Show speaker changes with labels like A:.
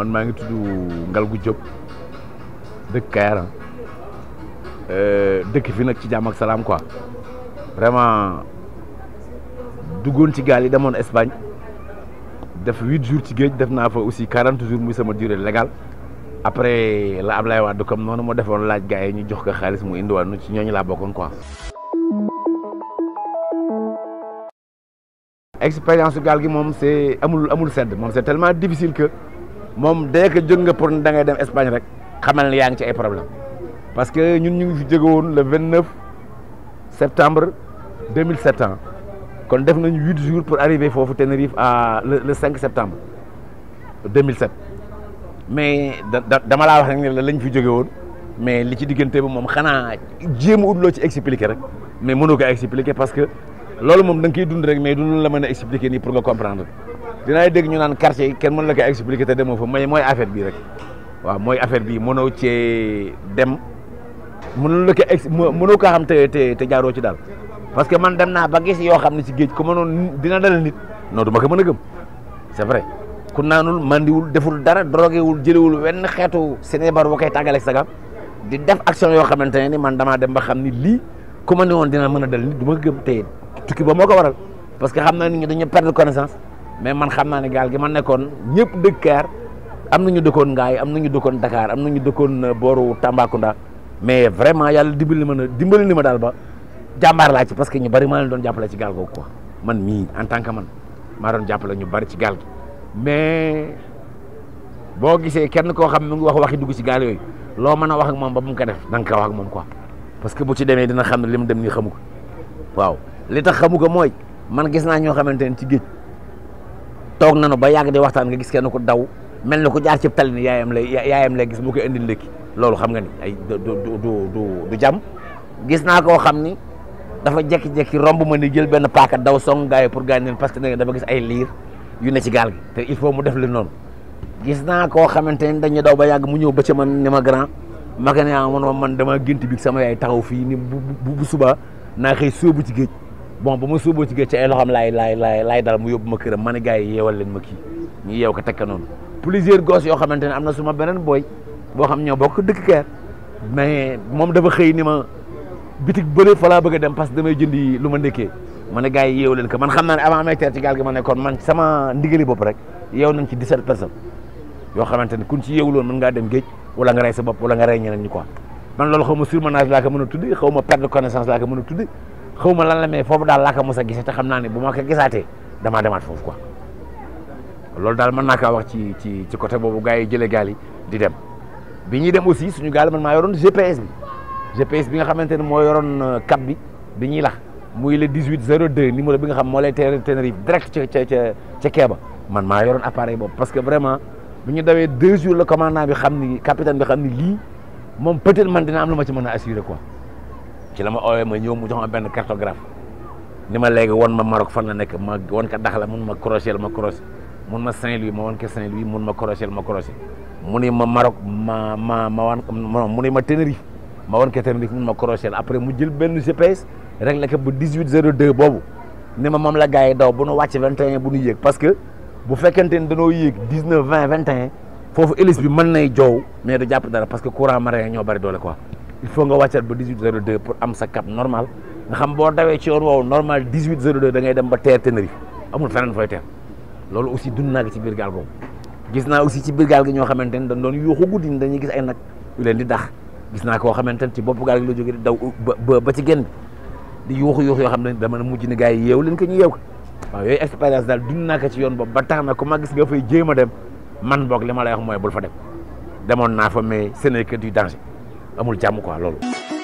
A: man maa ngi tudd Ngalgu Diop dëkk Kayar eh, dëkk fi nag ci jàmm ak salaam quoi vraiment duggoon ci gaal yi demoon Espagne def 8 jours ci géej def naa fa aussi 40 jours muy sama durée légale après la Ablaye Wade comme noonu moo defoon laaj gars yi ñu jox ko xaalis mu indiwaat nu ci ñooñu laa bokkoon quoi. expérience su gaal gi moom c'est amul amul sedd moom c'est tellement difficile que. moom dès que jóg nga pour da ngay dem Espagne rek xamal ne yaa ngi ci ay problème parce que ñun ñu ngi fi jóge woon le vingt neuf septembre deux mille sept ans kon def nañ huit jours pour arriver foofu Tenerife à le cinq septembre deux mille sept mais dama laa wax rek ne la lañ fi jóge woon mais li ci diggante bi moom xanaa jéem a ut loo ci expliquer rek mais mënoo ko expliquer parce que loolu moom da nga koy dund rek mais du la mën a expliquer nii pour nga comprendre. dinaay dégg ñu naan quartier yi kenn mën la koy expliquer te demoo fa mais mooy affaire bii rek waaw mooy affaire bii mënoo cee dem mënul la ko ex mënoo koo xam te te te jaaroo ci daal parce que man dem naa ba gis yoo xam ne ci géej ku mënoon dina dal nit non du ma ko mën a gëm c'est vrai ku mandi wul deful dara drogué wul wul wenn xeetu sinébar boo koy tàggaleeg saga di def action yoo xamante ne ni man damaa dem ba xam ni lii ku ma ne woon dina mën a dal du ma ko gëm te tukki ba moo waral parce que xam naa nit ñi dañu perdre connaissance mais man xam naa ne gaal gi man nekkoon ñëpp dëkkaar am nañu dëkkoon ngaay am nañu dëkkoon Dakar am nañu dëkkoon euh, booru Tambacounda mais vraiment yàlla dimbali ma na dimbali ni ma daal ba jàmbaar laa ci parce que ñu bari maa leen doon jàppale ci gaal googu quoi man mii en tant que man maa doon jàppale ñu bari ci gaal gi mais boo gisee kenn koo xam mu ngi wax waxi dugg ci gaal yooyu loo mën a wax ak moom ba mu ko def da nga ko wax ak moom quoi parce que bu ci demee dina xam ne li mu dem nii xamu ko waaw li tax xamu ko mooy man gis naa ñoo xamante ne ci géej toog nanu ba yàgg di waxtaan nga gis kenn ku daw mel na ku jaar ci tali yaayam lay yaayam lay gis moo koy indil ndëkki loolu xam nga ni ay du du du du gis naa koo xam ni dafa jekki-jekki romb ma ni jël benn paaka daw song gars pour gaañ parce que nee dafa gis ay liir yu ne ci gaal gi te il faut mu def li noonu gis naa koo xamante ni dañuy daw ba yàgg mu ñëw ba ca man ni ma grand ma ko ne ah, man dama gént bi sama yaay taxaw fii ni bu bu subaa naa xëy sóobu ci géej bon ba ma sóoboo ci géej ci ay loxam laay laay laay laay mu yóbbu ma këram ma ne gars leen ma kii ñu yeew ko teg ko noonu plusieurs gosses yoo xamante am na suma beneen booy boo xam ñoo bokk dëkk keer mais moom dafa xëy ni ma bitig bële fa laa bëgg a dem parce que damay jëndi lu ma ndekkee ma ne gars yi leen ko man xam naa ne avant may teer ci gaal gi ma ne kon man sama ndigali bopp rek yeew nañ ci 17 personnes yoo xamante ne kuñ ci yeewuloon mën ngaa dem géej wala nga rey sa bopp wala nga rey ñeneen ñi quoi man loolu xaw ma surmenage laa ko mën a tudde xaw ma perte de connaissance laa ko mën a tudde xaw lan la mais foofu daal laa ko mos a gisee te xam naa ne bu ma ko gisaatee dama demaat foofu quoi loolu daal mën naa kaa wax ci ci ci côté boobu gars yi jëlee gaal yi di dem bi ñuy dem aussi suñu gaal man maa yoroon GPS bi GPS bi nga xamante ne moo yoroon euh, cap bi bi ñuy lax muy le 1802 numéro bi nga xam moo lay teer Tenerife direct ca ca ca ca Kéba man maa yoroon appareil boobu parce que vraiment bi ñu dawee deux jours le commandant bi xam ni capitaine bi xam ni lii moom peut-être man dina am lu ma ci mën a assurer quoi. ci la ma oowee ma ñëw mu jox ma benn cartographe ni ma léegi won ma Maroc fan la nekk ma won ko Dakhla mun ma Crochel ma Crochel mun ma Saint-Louis ma won ko Saint-Louis mun ma Crochel ma Crochel mu ni ma Maroc ma ma ma wan mu ni ma Tenerife ma won ko Tenerife mun ma Crochel après mu jël benn GPS rek la ko bu 1802 boobu ni ma moom la gars yi daw bu nu wàcc 21 bu nu yéeg parce que bu fekkente ni dañoo yéeg 19 20 21 foofu hélice bi mën nay joow mais du jàpp dara parce que courant marin ñoo bari doole quoi. il faut nga wàccat ba 1802 pour am sa cap normal nga xam boo dawee ci yoon woowu normal 1802 da ngay dem ba teer Tenerife amul feneen fooy teer loolu aussi dund naa ko ci biir gaal boobu gis naa aussi ci biir gaal gi ñoo xamante ne dañ doon yuuxu guddi dañuy gis ay nag leen di dax gis naa koo xamante ne ci bopp gaal gi la jógee di daw ba ba ci genn bi di yuuxu yuuxu yoo xam ne dama ne mujj ni gars yi yeewu leen ko ñu yeew ko waaw yooyu expérience daal dund naa ci yoon boobu ba tax na ku gis nga fay dem man li ma lay wax mooy bul fa dem demoon naa fa mais ce n'est amul jàmm quoi loolu.